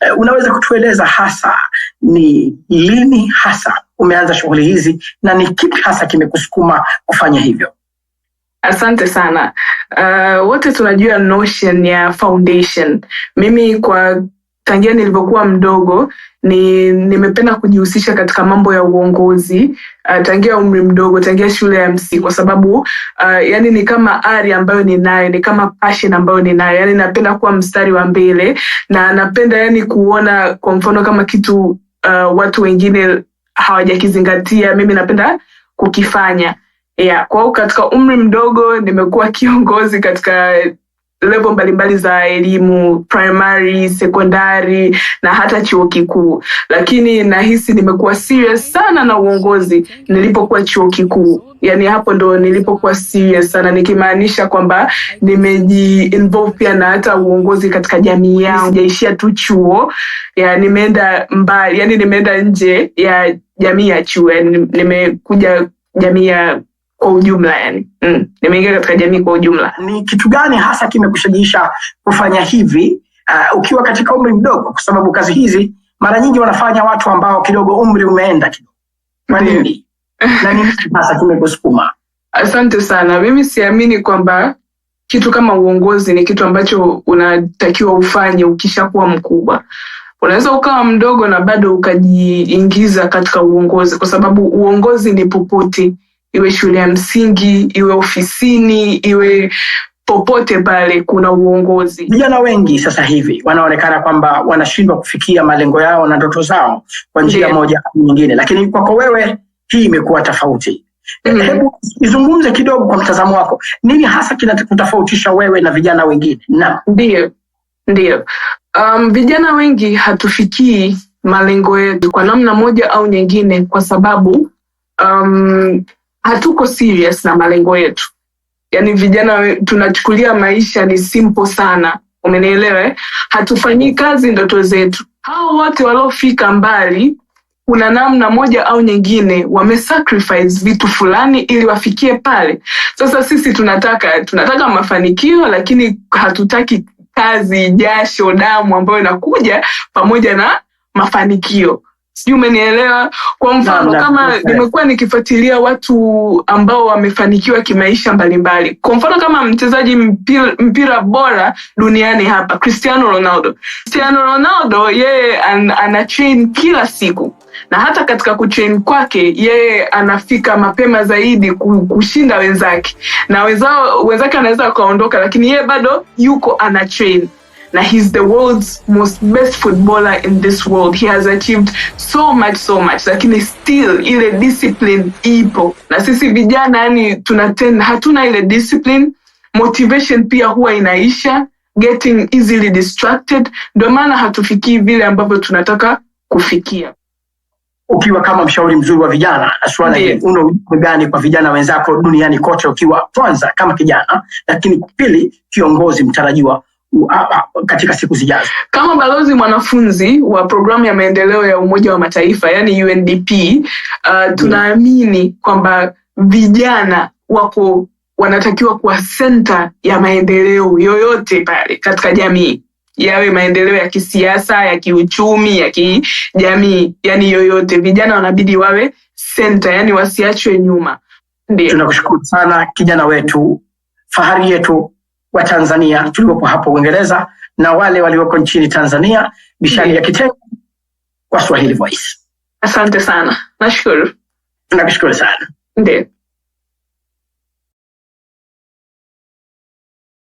Eh, unaweza kutueleza hasa ni lini hasa umeanza shughuli hizi na ni kipi hasa kimekusukuma kufanya hivyo? Asante sana. Uh, wote tunajua notion ya foundation. Mimi kwa tangia nilivyokuwa mdogo ni nimependa kujihusisha katika mambo ya uongozi uh, tangia umri mdogo, tangia shule ya msi kwa sababu uh, yani ni kama ari ambayo ninayo, ni kama passion ambayo ninayo, yani napenda kuwa mstari wa mbele na napenda yani kuona kwa mfano kama kitu uh, watu wengine hawajakizingatia, mimi napenda kukifanya. Yeah, kwa katika umri mdogo nimekuwa kiongozi katika levo mbalimbali za elimu primary, sekondari na hata chuo kikuu, lakini nahisi nimekuwa serious sana na uongozi nilipokuwa chuo kikuu. Yani hapo ndo nilipokuwa serious sana, nikimaanisha kwamba nimejiinvolve pia na hata uongozi katika jamii yangu. Sijaishia tu chuo ya, nimeenda mbali, yani nimeenda nje ya jamii ya chuo, yani nimekuja jamii ya kwa ujumla yani. Mm, nimeingia katika jamii kwa ujumla. Ni kitu gani hasa kimekushajiisha kufanya hivi uh, ukiwa katika umri mdogo? Kwa sababu kazi hizi mara nyingi wanafanya watu ambao kidogo umri umeenda kidogo. Kwa mm. nini? Na nini hasa kimekusukuma? Asante sana. Mimi siamini kwamba kitu kama uongozi ni kitu ambacho unatakiwa ufanye ukishakuwa mkubwa. Unaweza ukawa mdogo na bado ukajiingiza katika uongozi, kwa sababu uongozi ni popote iwe shule ya msingi, iwe ofisini, iwe popote pale kuna uongozi. Vijana wengi sasa hivi wanaonekana kwamba wanashindwa kufikia malengo yao na ndoto zao kwa njia yeah, moja au nyingine, lakini kwako wewe hii imekuwa tofauti. Mm. Hebu izungumze kidogo kwa mtazamo wako, nini hasa kinakutofautisha wewe na vijana wengine? Na ndio ndio, um, vijana wengi hatufikii malengo yetu kwa namna moja au nyingine, kwa sababu um, hatuko serious na malengo yetu yani vijana tunachukulia maisha ni simple sana umenielewa eh? hatufanyii kazi ndoto zetu hao wote waliofika mbali kuna namna moja au nyingine wamesacrifice vitu fulani ili wafikie pale sasa sisi tunataka tunataka mafanikio lakini hatutaki kazi jasho damu ambayo inakuja pamoja na mafanikio sijui umenielewa. Kwa mfano kama nimekuwa nikifuatilia watu ambao wamefanikiwa kimaisha mbalimbali, kwa mfano kama mchezaji mpira, mpira bora duniani hapa Cristiano Ronaldo. Cristiano Ronaldo yeye an, ana train kila siku na hata katika kuchain kwake yeye anafika mapema zaidi kushinda wenzake, na wenzake anaweza wakaondoka, lakini yeye bado yuko ana train na he's the world's most best footballer in this world. He has achieved so much so much, lakini still ile discipline ipo, na sisi vijana yani tunatenda hatuna ile discipline. Motivation pia huwa inaisha, getting easily distracted, ndio maana hatufikii vile ambavyo tunataka kufikia. Ukiwa kama mshauri mzuri wa vijana na suala una gani kwa vijana wenzako duniani kote, ukiwa kwanza kama kijana, lakini pili kiongozi mtarajiwa katika siku zijazo. Kama balozi mwanafunzi wa programu ya maendeleo ya Umoja wa Mataifa, yani UNDP, uh, mm. tunaamini kwamba vijana wako wanatakiwa kuwa senta ya maendeleo yoyote pale katika jamii, yawe maendeleo ya kisiasa, ya kiuchumi, ya kijamii, yani yoyote, vijana wanabidi wawe senta, yani wasiachwe nyuma. Ndio, tunakushukuru sana kijana wetu, fahari yetu wa Tanzania tuliopo hapo Uingereza na wale walioko nchini Tanzania. Mishali ya kitengo kwa Swahili Voice. Asante sana, nashukuru. Nakushukuru sana, ndio.